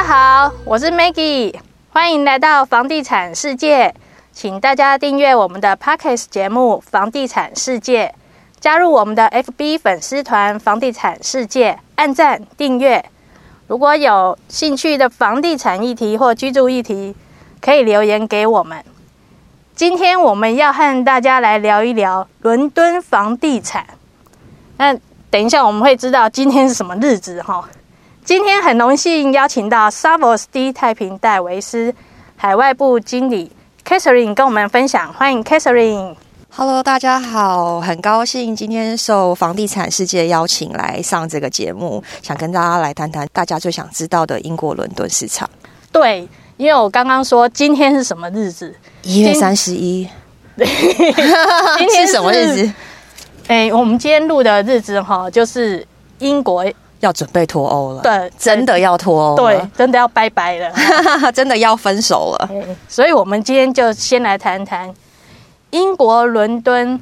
大家好，我是 Maggie，歡迎來到房地產世界，請大家訂閱我們的 Podcast 節目《房地產世界》，加入我們的 FB 粉絲團《房地產世界》，按讚、訂閱。如果有興趣的房地產議題或居住議題，可以留言給我們。今天我們要和大家來聊一聊倫敦房地產。那等一下我們會知道今天是什麼日子哈。今天很榮幸邀請到 Savills 第一太平戴維斯海外部經理 Catherine 跟我們分享，歡迎 Catherine。Hello，大家好，很高興今天受房地產世界邀請來上這個節目，想跟大家來談談大家最想知道的英國倫敦市場。對，因為我剛剛說今天是什麼日子？一月三十一。今， 今天是，是什麼日子？哎、欸，我們今天錄的日子哈，就是英國。要準備脫歐了，對，真的要脫歐，對，真的要拜拜了， 真的要分手了。嗯，所以，我們今天就先來談談英國倫敦。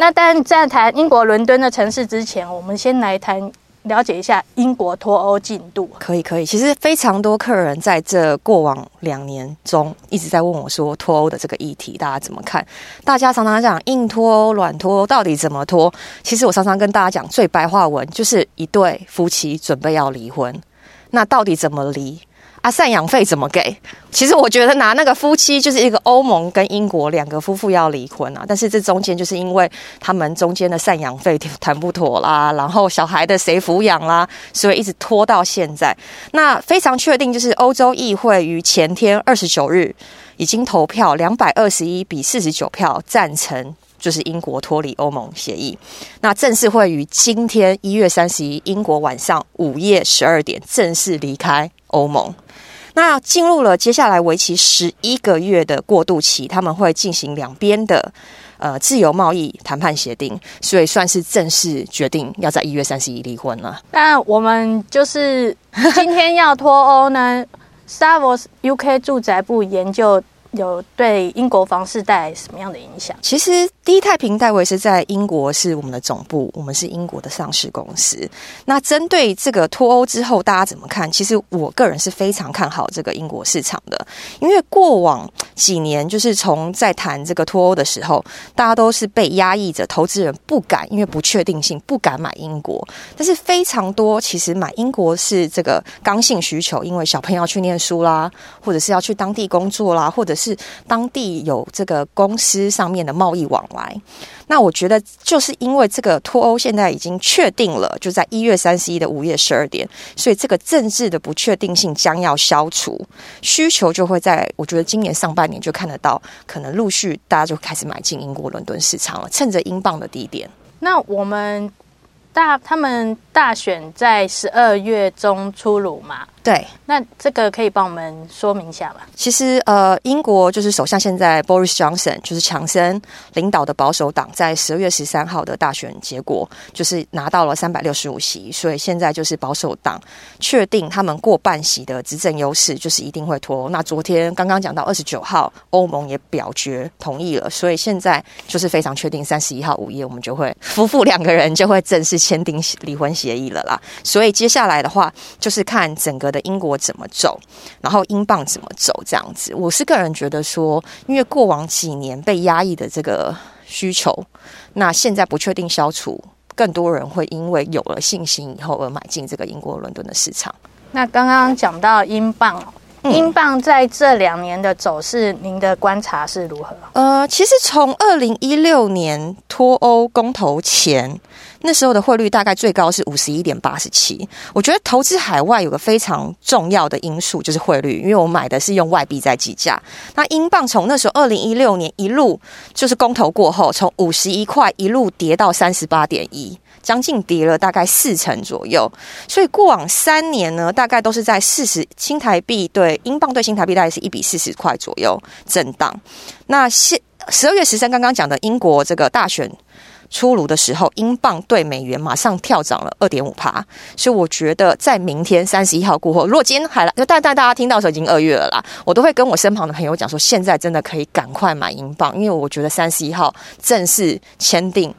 那但在談英國倫敦的城市之前，我們先來談。了解一下英國脫歐進度，可以可以。其實非常多客人在這過往兩年中一直在問我說，脫歐的這個議題大家怎麼看？大家常常講硬脫、軟脫，到底怎麼脫？其實我常常跟大家講最白話文，就是一對夫妻準備要離婚，那到底怎麼離？啊，贍養費怎麼給？其實我覺得拿那個夫妻就是一個歐盟跟英國兩個夫婦要離婚啊，但是這中間就是因為他們中間的贍養費談不妥啦，然後小孩的誰撫養啦，所以一直拖到現在。那非常確定，就是歐洲議會於前天二十九日已經投票兩百二十一比四十九票贊成，就是英國脫離歐盟協議。那正式會於今天一月三十一，英國晚上午夜十二點正式離開歐盟。那進入了接下來為期十一個月的過渡期，他們會進行兩邊的呃自由貿易談判協定，所以算是正式決定要在一月三十一離婚了。但我們就是今天要脫歐呢 ，Savills UK 住宅部研究有對英國房市帶來什麼樣的影響？其實。第一太平戴維斯在英國是我們的總部，我們是英國的上市公司。那針對這個脫歐之後，大家怎麼看？其實我個人是非常看好這個英國市場的，因為過往幾年，就是從在談這個脫歐的時候，大家都是被壓抑着，投資人不敢，因為不確定性不敢買英國。但是非常多，其實買英國是這個剛性需求，因為小朋友要去念書啦，或者是要去當地工作啦，或者是當地有這個公司上面的貿易網。來，那我覺得就是因為這個脫歐現在已經確定了，就在一月三十一的午夜十二點，所以這個政治的不確定性將要消除，需求就會在我覺得今年上半年就看得到，可能陸續大家就開始買進英國倫敦市場了，趁着英鎊的低點。那我們大他們。大選在十二月中出爐嗎？對，那這個可以幫我們說明一下嗎？其實呃，英國就是首相現在 Boris Johnson 就是強森領導的保守黨，在十二月十三號的大選結果，就是拿到了三百六十五席，所以現在就是保守黨確定他們過半席的執政優勢，就是一定會脫歐。那昨天剛剛講到二十九號，歐盟也表決同意了，所以現在就是非常確定，三十一號午夜我們就會夫婦兩個人就會正式簽訂離婚協議。協議了啦，所以接下來的話就是看整個的英國怎麼走，然後英鎊怎麼走這樣子。我是個人覺得說，因為過往幾年被壓抑的這個需求，那現在不確定消除，更多人會因為有了信心以後而買進這個英國倫敦的市場。那剛剛講到英鎊。嗯英鎊在這兩年的走勢，您的觀察是如何？嗯、呃，其實從二零一六年脫歐公投前，那時候的匯率大概最高是五十一點八十七。我覺得投資海外有個非常重要的因素就是匯率，因為我買的是用外幣在計價。那英鎊從那時候二零一六年一路就是公投過後，從五十一塊一路跌到三十八點一。將近跌了大概四成左右，所以過往三年呢，大概都是在四十新台幣對英鎊對新台幣大概是一比四十塊左右震盪。那現十二月十三剛剛講的英國這個大選出爐的時候，英鎊對美元馬上跳漲了二點五趴，所以我覺得在明天三十一號過後，如果今天還來，就大大大家聽到的時候已經二月了啦。我都會跟我身旁的朋友講說，現在真的可以趕快買英鎊，因為我覺得三十一號正式簽訂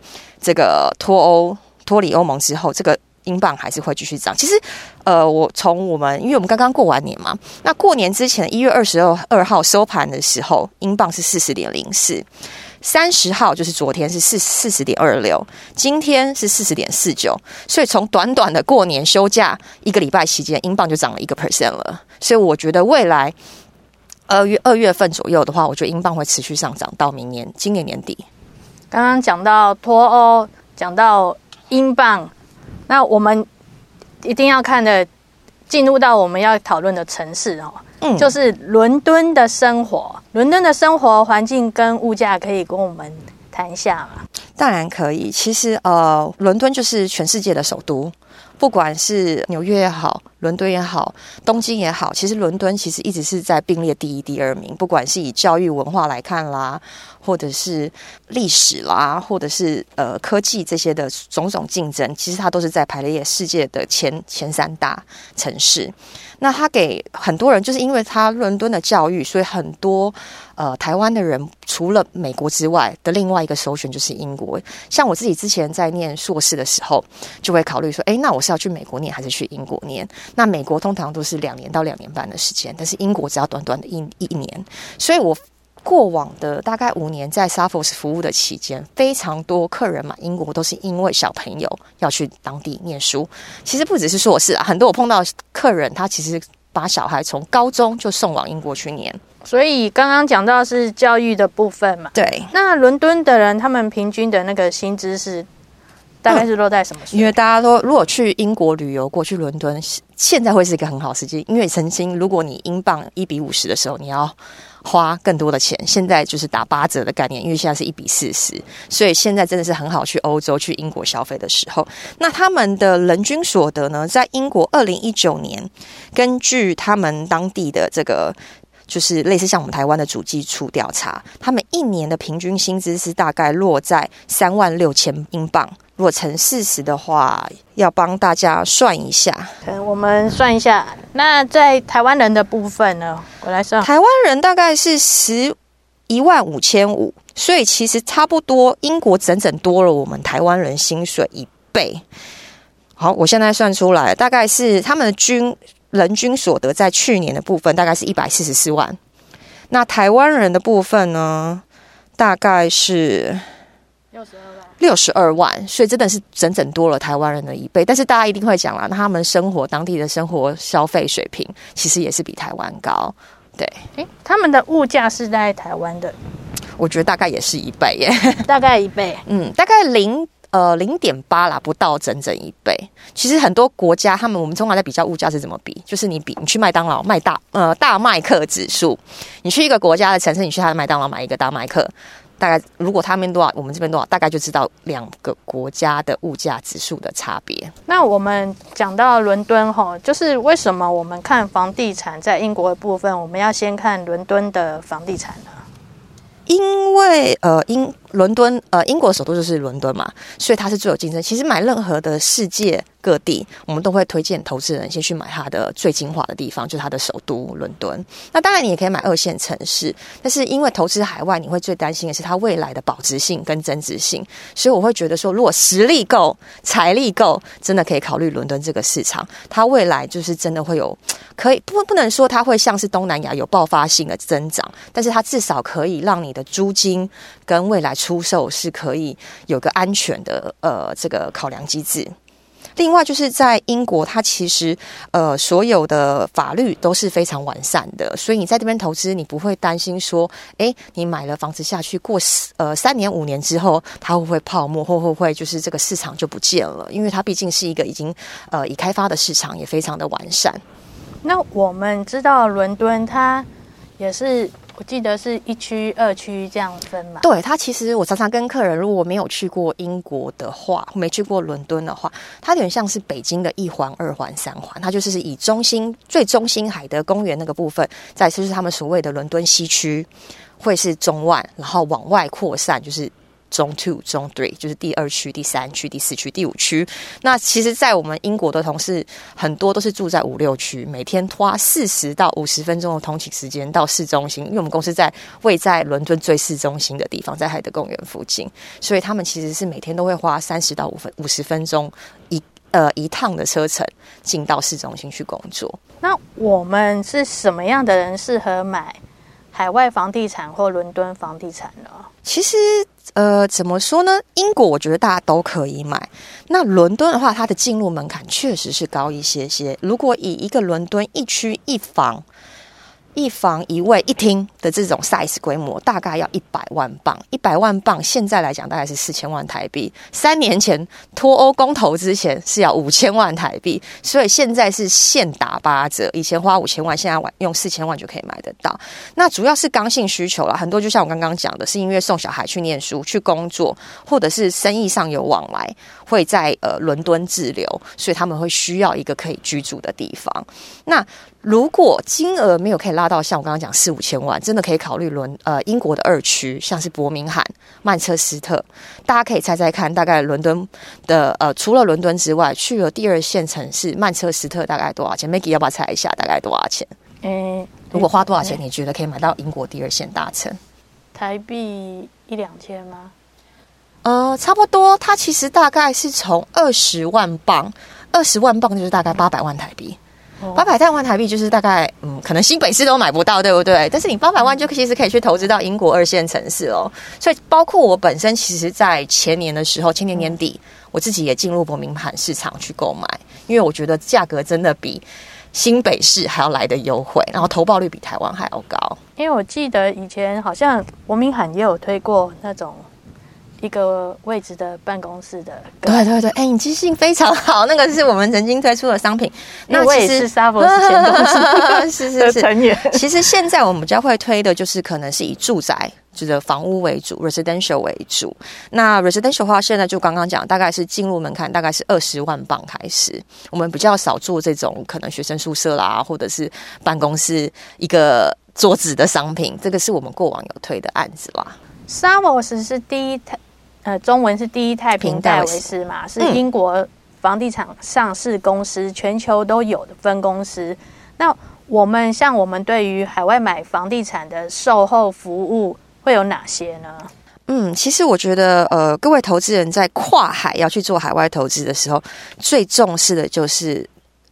這個脫歐。脫離歐盟之後，這個英鎊還是會繼續漲。其實，呃，我從我們因為我們剛剛過完年嘛，那過年之前一月二十二號收盤的時候，英鎊是四十點零四；三十號就是昨天是四四十點二六，今天是四十點四九。所以從短短的過年休假一個禮拜期間，英鎊就漲了一個 percent 了。所以我覺得未來二月、呃、二月份左右的話，我覺得英鎊會持續上漲到明年今年年底。剛剛講到脫歐，講到。英鎊，那我們一定要看的，進入到我們要討論的城市哦、嗯，就是倫敦的生活，倫敦的生活環境跟物價，可以跟我們談一下嗎？當然可以。其實呃，倫敦就是全世界的首都，不管是紐約也好，倫敦也好，東京也好，其實倫敦其實一直是在並列第一、第二名，不管是以教育文化來看啦。或者是歷史啦，或者是呃科技這些的種種競爭，其實它都是在排列世界的前前三大城市。那它給很多人，就是因為它倫敦的教育，所以很多呃台灣的人除了美國之外的另外一個首選就是英國。像我自己之前在念碩士的時候，就會考慮說，誒，那我是要去美國念還是去英國念？那美國通常都是兩年到兩年半的時間，但是英國只要短短的一一年。所以我。過往的大概五年在 Savills 服務的期間，非常多客人嘛，英國都是因為小朋友要去當地念書。其實不只是碩士啊，很多我碰到客人，他其實把小孩從高中就送往英國去念。所以剛剛講到是教育的部分嘛。對，那倫敦的人他們平均的那個薪資是。大概是落在什麼？因、嗯、為大家說，如果去英國旅遊，過去倫敦現在會是一個很好時機。因為曾經，如果你英鎊一比五十的時候，你要花更多的錢；現在就是打八折的概念，因為現在是一比四十，所以現在真的是很好去歐洲、去英國消費的時候。那他們的人均所得呢？在英國二零一九年，根據他們當地的這個，就是類似像我們台灣的主計處調查，他們一年的平均薪資是大概落在三萬六千英鎊。如果乘四十的話，要幫大家算一下。嗯、okay，我們算一下。那在台灣人的部分呢？我來算，台灣人大概是十一萬五千五，所以其實差不多英國整整多了我們台灣人薪水一倍。好，我現在算出來，大概是他們的均人均所得在去年的部分，大概是一百四十四萬。那台灣人的部分呢？大概是六十二。六十二萬，所以真的是整整多了台灣人的一倍。但是大家一定會講啦，那他們生活當地的生活消費水平其實也是比台灣高，對？哎，他們的物價是在台灣的，我覺得大概也是一倍耶，大概一倍，嗯，大概零呃零點八啦，不到整整一倍。其實很多國家他們我們通常在比較物價是怎麼比，就是你比你去麥當勞買大呃大麥克指數，你去一個國家的城市，你去他的麥當勞買一個大麥克。大概如果他們多少，我們這邊多少，大概就知道兩個國家的物價指數的差別。那我們講到倫敦吼、哦，就是為什麼我們看房地產在英國的部分，我們要先看倫敦的房地產呢？因為呃，英倫敦呃，英國首都就是倫敦嘛，所以它是最有競爭。其實買任何的世界各地，我們都會推薦投資人先去買它的最精華的地方，就是它的首都倫敦。那當然，你也可以買二線城市，但是因為投資海外，你會最擔心的是它未來的保值性跟增值性。所以我會覺得說，如果實力夠、財力夠，真的可以考慮倫敦這個市場。它未來就是真的會有，可以，不不能說它會像是東南亞有爆發性的增長，但是它至少可以讓你的。租金跟未來出售是可以有個安全的呃，這個考量機制。另外就是在英國，它其實呃所有的法律都是非常完善的，所以你在這邊投資，你不會擔心說，誒你買了房子下去過呃三年五年之後，它會不會泡沫，或會不會就是這個市場就不見了？因為它畢竟是一個已經呃已開發的市場，也非常的完善。那我們知道倫敦，它也是。我記得是一區、二區這樣分嘛。對，他其實我常常跟客人，如果沒有去過英國的話，沒去過倫敦的話，它有點像是北京的一環、二環、三環，它就是以中心最中心海德公園那個部分，再就是他們所謂的倫敦西區，會是中外，然後往外擴散，就是。中 two 中 three 就是第二區、第三區、第四區、第五區。那其實，在我們英國的同事很多都是住在五六區，每天花四十到五十分鐘的通勤時間到市中心。因為我們公司在位在倫敦最市中心的地方，在海德公園附近，所以他們其實是每天都會花三十到五分五十分鐘一呃一趟的車程進到市中心去工作。那我們是什麼樣的人適合買海外房地產或倫敦房地產呢？其實，呃，怎麼說呢？英國我覺得大家都可以買。那倫敦的話，它的進入門檻確實是高一些些。如果以一個倫敦一區一房，一房一衛一廳的這種 size 規模，大概要一百萬鎊。一百萬鎊現在來講大概是四千萬台幣。三年前脫歐公投之前是要五千萬台幣，所以現在是現打八折。以前花五千萬，現在用四千萬就可以買得到。那主要是剛性需求了，很多就像我剛剛講的，是因為送小孩去念書、去工作，或者是生意上有往來，會在呃倫敦滯留，所以他們會需要一個可以居住的地方。那如果金額沒有可以拉到像我剛剛講四五千萬，真的可以考慮倫呃英國的二區，像是伯明翰、曼徹斯特，大家可以猜猜看，大概倫敦的呃除了倫敦之外，去了第二線城市曼徹斯特大概多少錢？Maggie 要不要猜一下大概多少錢？嗯、欸，如果花多少錢、欸、你覺得可以買到英國第二線大城？台幣一兩千嗎？呃，差不多，它其實大概是從二十萬鎊，二十萬鎊就是大概八百萬台幣。八百萬台幣就是大概，嗯，可能新北市都買不到，對不對？但是你八百萬就其實可以去投資到英國二線城市哦。所以包括我本身，其實，在前年的時候，前年年底、嗯，我自己也進入伯明翰市場去購買，因為我覺得價格真的比新北市還要來得優惠，然後投報率比台灣還要高。因為我記得以前好像伯明翰也有推過那種。一個位置的辦公室的，對對對，哎、欸，你記性非常好，那個是我們曾經推出的商品。 那我也是 Savills 其實現在我們比較會推的就是，可能是以住宅，就是房屋為主，residential 為主。那 residential 的話，現在就剛剛講，大概是進入門檻大概是二十萬磅開始。我們比較少做這種可能學生宿舍啦，或者是辦公室一個桌子的商品。這個是我們過往有推的案子啦。Savills 是第一呃，中文是第一太平戴維斯嘛是，是英國房地產上市公司，嗯、全球都有的分公司。那我們像我們對於海外買房地產的售後服務會有哪些呢？嗯，其實我覺得，呃，各位投資人在跨海要去做海外投資的時候，最重視的就是。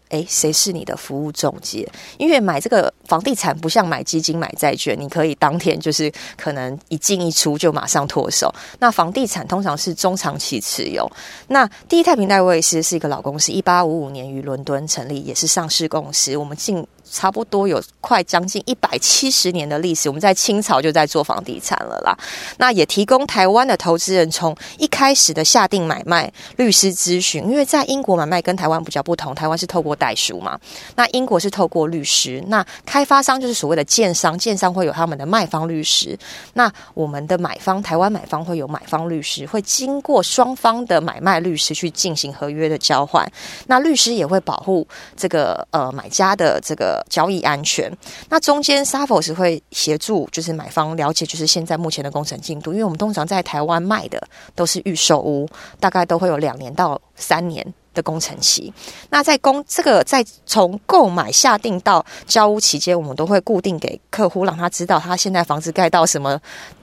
哎，誰是你的服務中介？因為買這個房地產不像買基金、買債券，你可以當天就是可能一進一出就馬上脫手。那房地產通常是中長期持有。那第一太平戴維斯是一個老公司，一八五五年於倫敦成立，也是上市公司。我們進。差不多有快將近一百七十年的歷史，我們在清朝就在做房地產了啦。那也提供台灣的投資人從一開始的下定買賣、律師諮詢，因為在英國買賣跟台灣比較不同，台灣是透過代書嘛，那英國是透過律師。那開發商就是所謂的建商，建商會有他們的賣方律師。那我們的買方，台灣買方會有買方律師，會經過雙方的買賣律師去進行合約的交換。那律師也會保護這個呃買家的這個。交易安全，那中間 Savills 會協助，就是買方了解，就是現在目前的工程進度。因為我們通常在台灣賣的都是預售屋，大概都會有兩年到三年的工程期。那在工這個在從購買下定到交屋期間，我們都會固定給客戶，讓他知道他現在房子蓋到什麼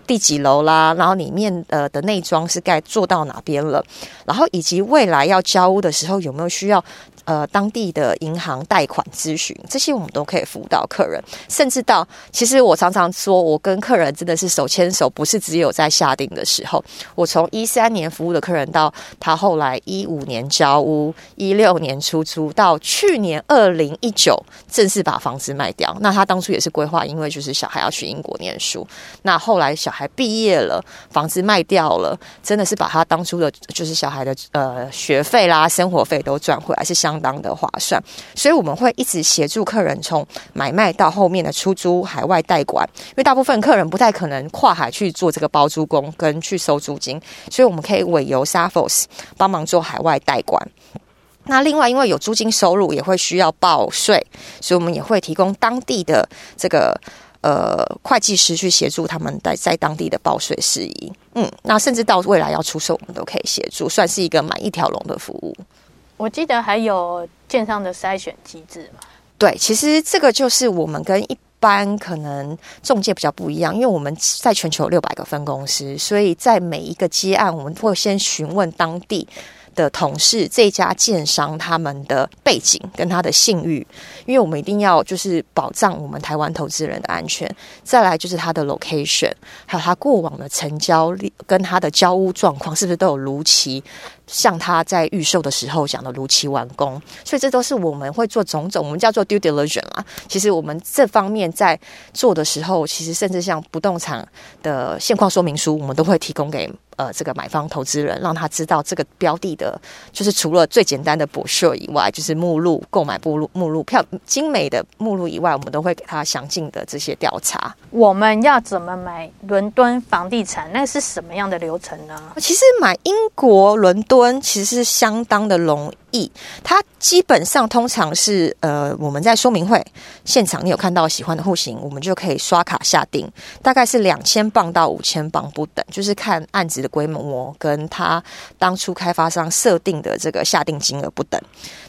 第幾樓啦，然後裡面的，呃，的內裝是蓋做到哪邊了，然後以及未來要交屋的時候有沒有需要，呃，當地的銀行貸款諮詢，這些我們都可以服務到客人。甚至到，其實我常常說，我跟客人真的是手牽手。不是只有在下定的時候。我從一三年服務的客人，到他後來一五年交屋，一六年出租，到去年二零一九正式把房子賣掉。那他當初也是規劃，因為就是小孩要去英國念書。那後來小孩畢業了，房子賣掉了，真的是把他當初的，就是小孩的呃學費啦、生活費都賺回來，是相。相當的划算，所以我們會一直協助客人從買賣到後面的出租、海外代管。因為大部分客人不太可能跨海去做這個包租公跟去收租金，所以我們可以委由 Savills 幫忙做海外代管。那另外，因為有租金收入也會需要報稅，所以我們也會提供當地的這個呃會計師去協助他們在當地的報稅事宜。嗯，那甚至到未來要出售，我們都可以協助，算是一個滿一條龍的服務。我記得還有建商的篩選機制嘛？對，其實這個就是我們跟一般可能中介比較不一樣，因為我們在全球有六百個分公司，所以在每一個接案，我們會先詢問當地。的同事，這家建商他們的背景跟他的信譽，因為我們一定要就是保障我們台灣投資人的安全。再來就是他的 location，還有他過往的成交率跟他的交屋狀況是不是都有如期，像他在預售的時候講的如期完工。所以這都是我們會做種種，我們叫做 due diligence 啦。其實我們這方面在做的時候，其實甚至像不動產的現況說明書，我們都會提供給。呃，這個買方投資人讓他知道這個標的的，就是除了最簡單的 brochure 以外，就是目錄購買目錄目錄票精美的目錄以外，我們都會給他詳盡的這些調查。我們要怎麼買倫敦房地產？那是什麼樣的流程呢？其實買英國倫敦其實是相當的容易。他它基本上通常是呃，我們在說明會現場，你有看到喜歡的戶型，我們就可以刷卡下定，大概是兩千磅到五千磅不等，就是看案子的規模、哦、跟他當初開發商設定的這個下定金額不等。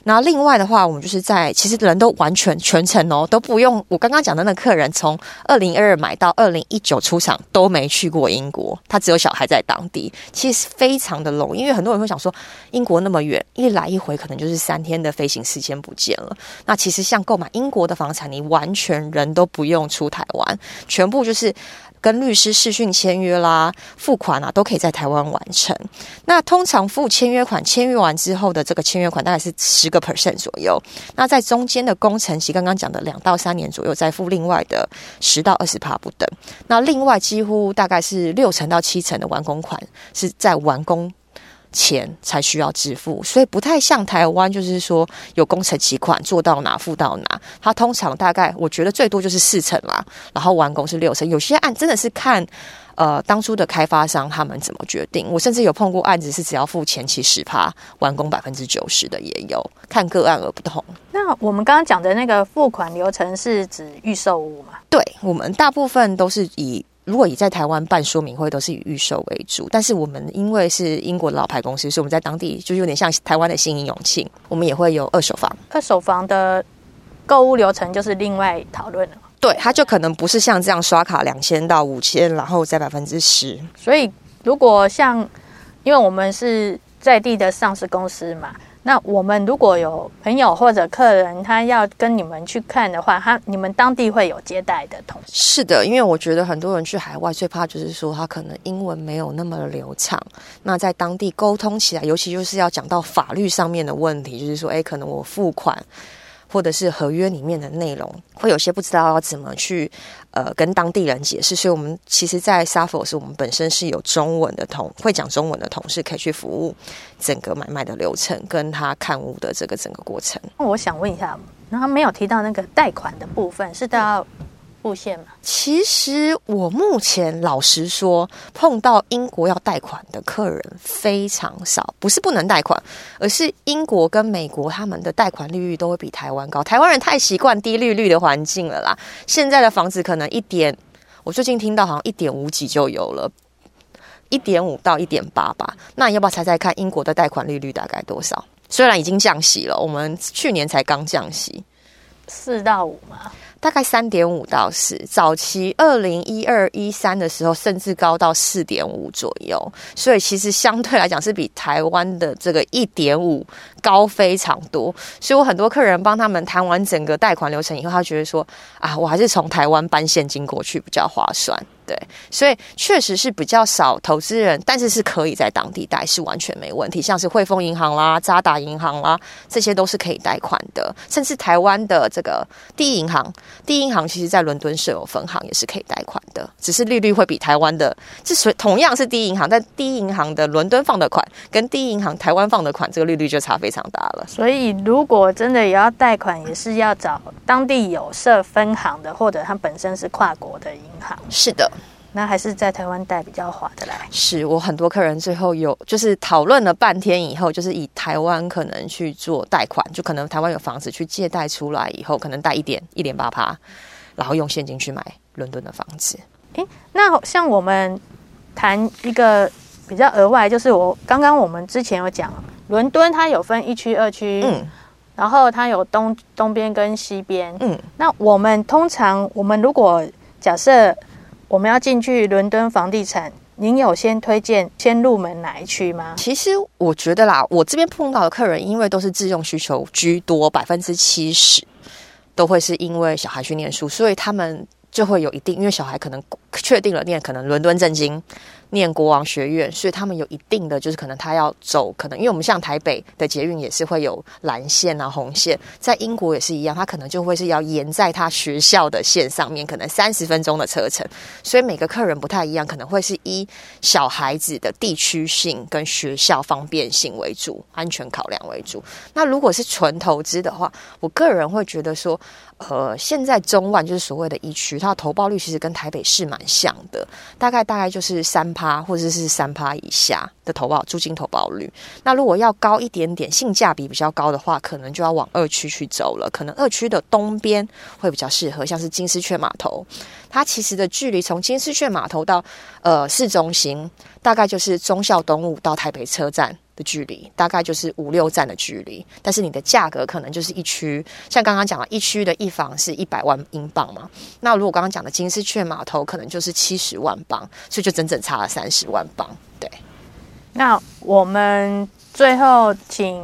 那另外的話，我們就是在其實人都完全全程哦，都不用。我剛剛講的那客人從二零二二買到二零一九出廠都沒去過英國，他只有小孩在當地，其實非常的 low，因為很多人會想說英國那麼遠，一來一回。可能就是三天的飛行時間不見了。那其實像購買英國的房產，你完全人都不用出台灣，全部就是跟律師視訊簽約啦、付款啊，都可以在台灣完成。那通常付簽約款，簽約完之後的這個簽約款大概是十個 percent 左右。那在中間的工程期，剛剛講的兩到三年左右，再付另外的十到二十趴不等。那另外幾乎大概是六成到七成的完工款是在完工，錢才需要支付，所以不太像台灣，就是說有工程期款做到哪付到哪。它通常大概我覺得最多就是四成啦，然後完工是六成。有些案真的是看呃當初的開發商他們怎麼決定。我甚至有碰過案子是只要付前期十趴，完工百分之九十的也有，看個案而不同。那我們剛剛講的那個付款流程是指預售屋嗎？對，我們大部分都是以。如果你在台灣辦說明會，都是以預售為主。但是我們因為是英國的老牌公司，所以我們在當地就有點像台灣的信義永慶，我們也會有二手房。二手房的購物流程就是另外討論了。對，它就可能不是像這樣刷卡兩千到五千，然後再百分之十。所以如果像因為我們是在地的上市公司嘛。那我們如果有朋友或者客人，他要跟你們去看的話，他你們當地會有接待的同事。是的，因為我覺得很多人去海外最怕就是說他可能英文沒有那麼的流暢，那在當地溝通起來，尤其就是要講到法律上面的問題，就是說，哎，可能我付款。或者是合約裡面的內容，會有些不知道要怎麼去，呃，跟當地人解釋。所以我們其實，在 Savills，是我們本身是有中文的同會講中文的同事，可以去服務整個買賣的流程，跟他看屋的這個整個過程。那我想問一下，那他沒有提到那個貸款的部分，是到、嗯。路線嘛，其實我目前老實說，碰到英國要貸款的客人非常少，不是不能貸款，而是英國跟美國他們的貸款利率都會比台灣高。台灣人太習慣低利率的環境了啦，現在的房子可能一點，我最近聽到好像一點五幾就有了，一點五到一點八吧。那你要不要猜猜看英國的貸款利率大概多少？雖然已經降息了，我們去年才剛降息，四到五嘛。大概三點五到四，早期二零一二一三的時候，甚至高到四點五左右，所以其實相對來講是比台灣的這個一點五高非常多。所以我很多客人幫他們談完整個貸款流程以後，他覺得說啊，我還是從台灣搬現金過去比較划算。對，所以確實是比較少投資人，但是是可以在當地貸，是完全沒問題。像是匯豐銀行啦、渣打銀行啦，這些都是可以貸款的。甚至台灣的這個第一銀行，第一銀行其實在倫敦設有分行，也是可以貸款的，只是利率會比台灣的，這所同樣是第一銀行，但第一銀行的倫敦放的款跟第一銀行台灣放的款，這個利率，率就差非常大了。所以如果真的也要貸款，也是要找當地有設分行的，或者它本身是跨國的銀行。是的。那還是在台灣貸比較划得來。是我很多客人最後有，就是討論了半天以後，就是以台灣可能去做貸款，就可能台灣有房子去借貸出來以後，可能貸一點一點八趴，然後用現金去買倫敦的房子。欸，那像我們談一個比較額外，就是我剛剛我們之前有講，倫敦它有分一區、二區，嗯，然後它有東東邊跟西邊，嗯，那我們通常我們如果假設。我們要進去倫敦房地產，您有先推薦先入門哪一區嗎？其實我覺得啦，我這邊碰到的客人，因為都是自用需求居多，百分之七十都會是因為小孩去念書，所以他們就會有一定，因為小孩可能確定了念，可能倫敦政經。念國王學院，所以他們有一定的，就是可能他要走，可能因為我們像台北的捷運也是會有藍線啊、紅線，在英國也是一樣，他可能就會是要沿在他學校的線上面，可能三十分鐘的車程，所以每個客人不太一樣，可能會是以小孩子的地區性跟學校方便性為主，安全考量為主。那如果是純投資的話，我個人會覺得說，呃，現在中萬就是所謂的一區，它的投報率其實跟台北是蠻像的，大概大概就是三。趴或者是三趴以下的投報租金投報率，那如果要高一點點，性價比比較高的話，可能就要往二區去走了。可能二區的東邊會比較適合，像是金絲雀碼頭，它其實的距離從金絲雀碼頭到呃市中心，大概就是忠孝東路到台北車站。的距離大概就是五六站的距離，但是你的價格可能就是一區，像剛剛講了，一區的一房是一百萬英鎊嘛。那如果剛剛講的金絲雀碼頭可能就是七十萬鎊，所以就整整差了三十萬鎊。對，那我們最後請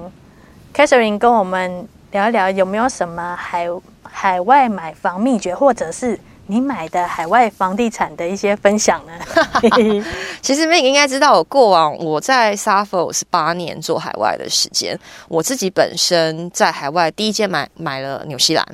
Catherine 跟我們聊一聊，有沒有什麼海海外買房秘訣，或者是？你買的海外房地產的一些分享呢？ 其實你應該知道，我過往我在 s 佛是八年做海外的時間。我自己本身在海外第一件買買了紐西蘭。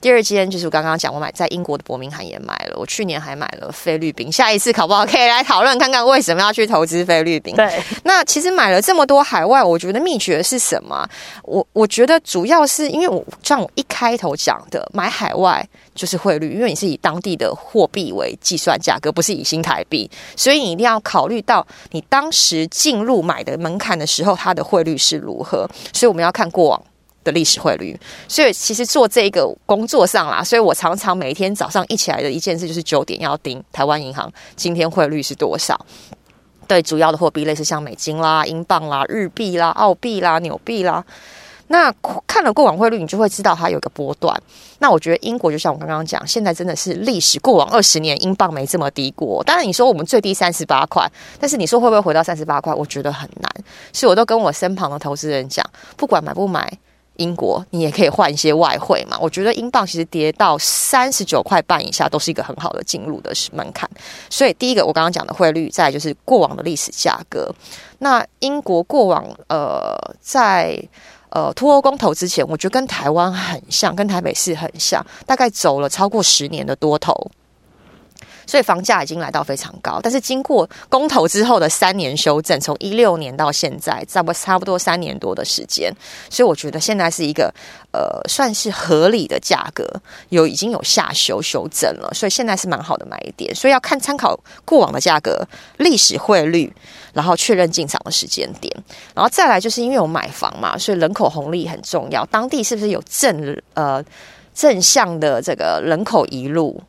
第二間就是我剛剛講，我買在英國的伯明翰也買了，我去年還買了菲律賓。下一次考不好可以來討論看看為什麼要去投資菲律賓。對，那其實買了這麼多海外，我覺得秘訣是什麼？我我覺得主要是因為我像我一開頭講的，買海外就是匯率，因為你是以當地的貨幣為計算價格，不是以新台幣，所以你一定要考慮到你當時進入買的門檻的時候，它的匯率是如何。所以我們要看過往。歷史匯率，所以其實做這個工作上啦，所以我常常每一天早上一起來的一件事就是九點要盯台灣銀行今天匯率是多少。對主要的貨幣，類似像美金啦、英鎊啦、日幣啦、澳幣啦、紐幣啦。那看了過往匯率，你就會知道它有個波段。那我覺得英國就像我剛剛講，現在真的是歷史過往二十年英鎊沒這麼低過哦。當然你說我們最低三十八塊，但是你說會不會回到三十八塊，我覺得很難。所以我都跟我身旁的投資人講，不管買不買。英國，你也可以換一些外匯嘛。我覺得英鎊其實跌到三十九塊半以下都是一個很好的進入的門檻。所以第一個我剛剛講的匯率，再就是過往的歷史價格。那英國過往呃在呃脫歐公投之前，我覺得跟台灣很像，跟台北市很像，大概走了超過十年的多頭。所以房價已經來到非常高，但是經過公投之後的三年修正，從一六年到現在，差不多差不多三年多的時間，所以我覺得現在是一個呃算是合理的價格，有已經有下修修正了，所以現在是蠻好的買一點。所以要看參考過往的價格、歷史匯率，然後確認進場的時間點，然後再來就是因為我買房嘛，所以人口紅利很重要，當地是不是有正呃正向的這個人口移入。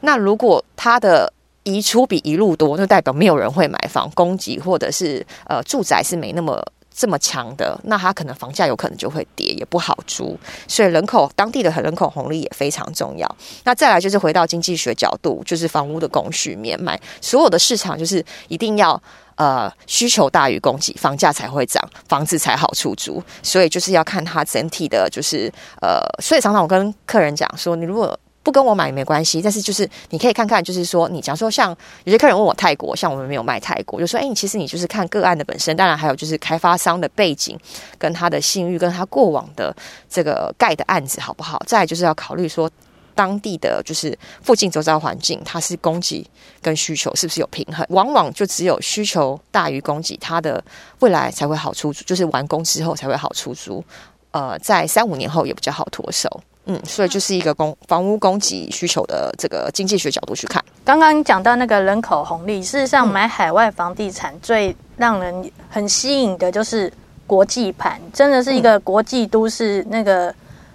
那如果它的移出比移入多，就代表沒有人會買房，供給或者是呃住宅是沒那麼這麼強的，那它可能房價有可能就會跌，也不好租。所以人口當地的很人口紅利也非常重要。那再來就是回到經濟學角度，就是房屋的供需面買，所有的市場就是一定要呃需求大於供給，房價才會漲，房子才好出租。所以就是要看它整體的，就是呃，所以常常我跟客人講說，你如果。不跟我買也沒關係，但是就是你可以看看，就是說你假如說像有些客人問我泰國，像我們沒有賣泰國，就說哎、欸，其實你就是看個案的本身，當然還有就是開發商的背景跟他的信譽，跟他過往的這個蓋的案子好不好？再就是要考慮說當地的，就是附近周遭環境，它是供給跟需求是不是有平衡？往往就只有需求大於供給，它的未來才會好出租，就是完工之後才會好出租，呃，在三五年後也比較好脫手。嗯，所以就是一個供房屋供給需求的這個經濟學角度去看。剛剛講到那個人口紅利，事實上買海外房地產最讓人很吸引的就是國際盤，真的是一個國際都市，那個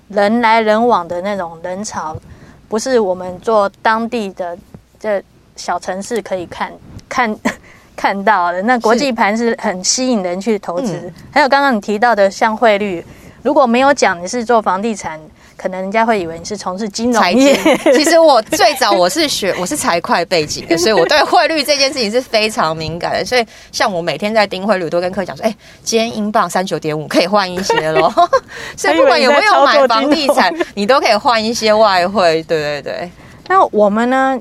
人來人往的那種人潮，不是我們做當地的這小城市可以看看 看到的。那國際盤是很吸引人去投資。嗯。還有剛剛你提到的，像匯率，如果沒有講你是做房地產。可能人家會以為你是從事金融業，財 其實我最早我是學我是財會背景的，所以我對匯率這件事情是非常敏感的。所以像我每天在盯匯率，我都跟客講說：“哎、欸，今天英鎊三九點五可以換一些嘍。 ”所以不管有沒有買房地產你，你都可以換一些外匯。對對對。那我們呢？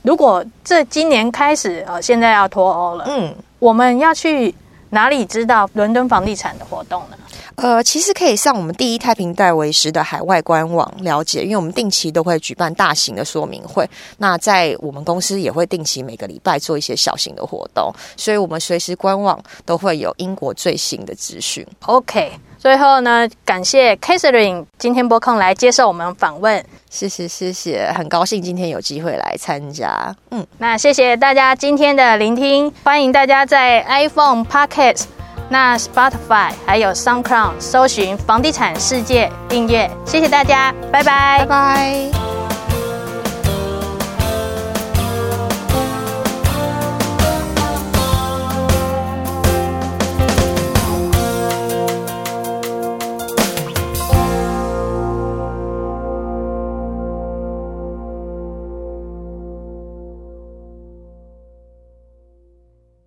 如果這今年開始啊、呃，現在要脫歐了，嗯，我們要去哪裡知道倫敦房地產的活動呢？呃，其實可以上我們第一太平戴維斯的海外官網了解，因為我們定期都會舉辦大型的說明會。那在我們公司也會定期每個禮拜做一些小型的活動，所以我們隨時官網都會有英國最新的資訊。OK，最後呢，感謝 Catherine 今天撥空來接受我們訪問，謝謝謝謝，很高興今天有機會來參加。嗯，那謝謝大家今天的聆聽，歡迎大家在 iPhone Pocket。那 Spotify 還有 SoundCloud 搜尋“房地產世界”訂閱，謝謝大家，拜拜，拜拜。